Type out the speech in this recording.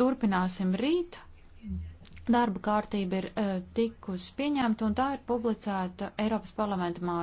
turpināsim rīt. Darba kārtība ir uh, tikus pieņemta un tā ir publicēta Eiropas parlamenta mājā.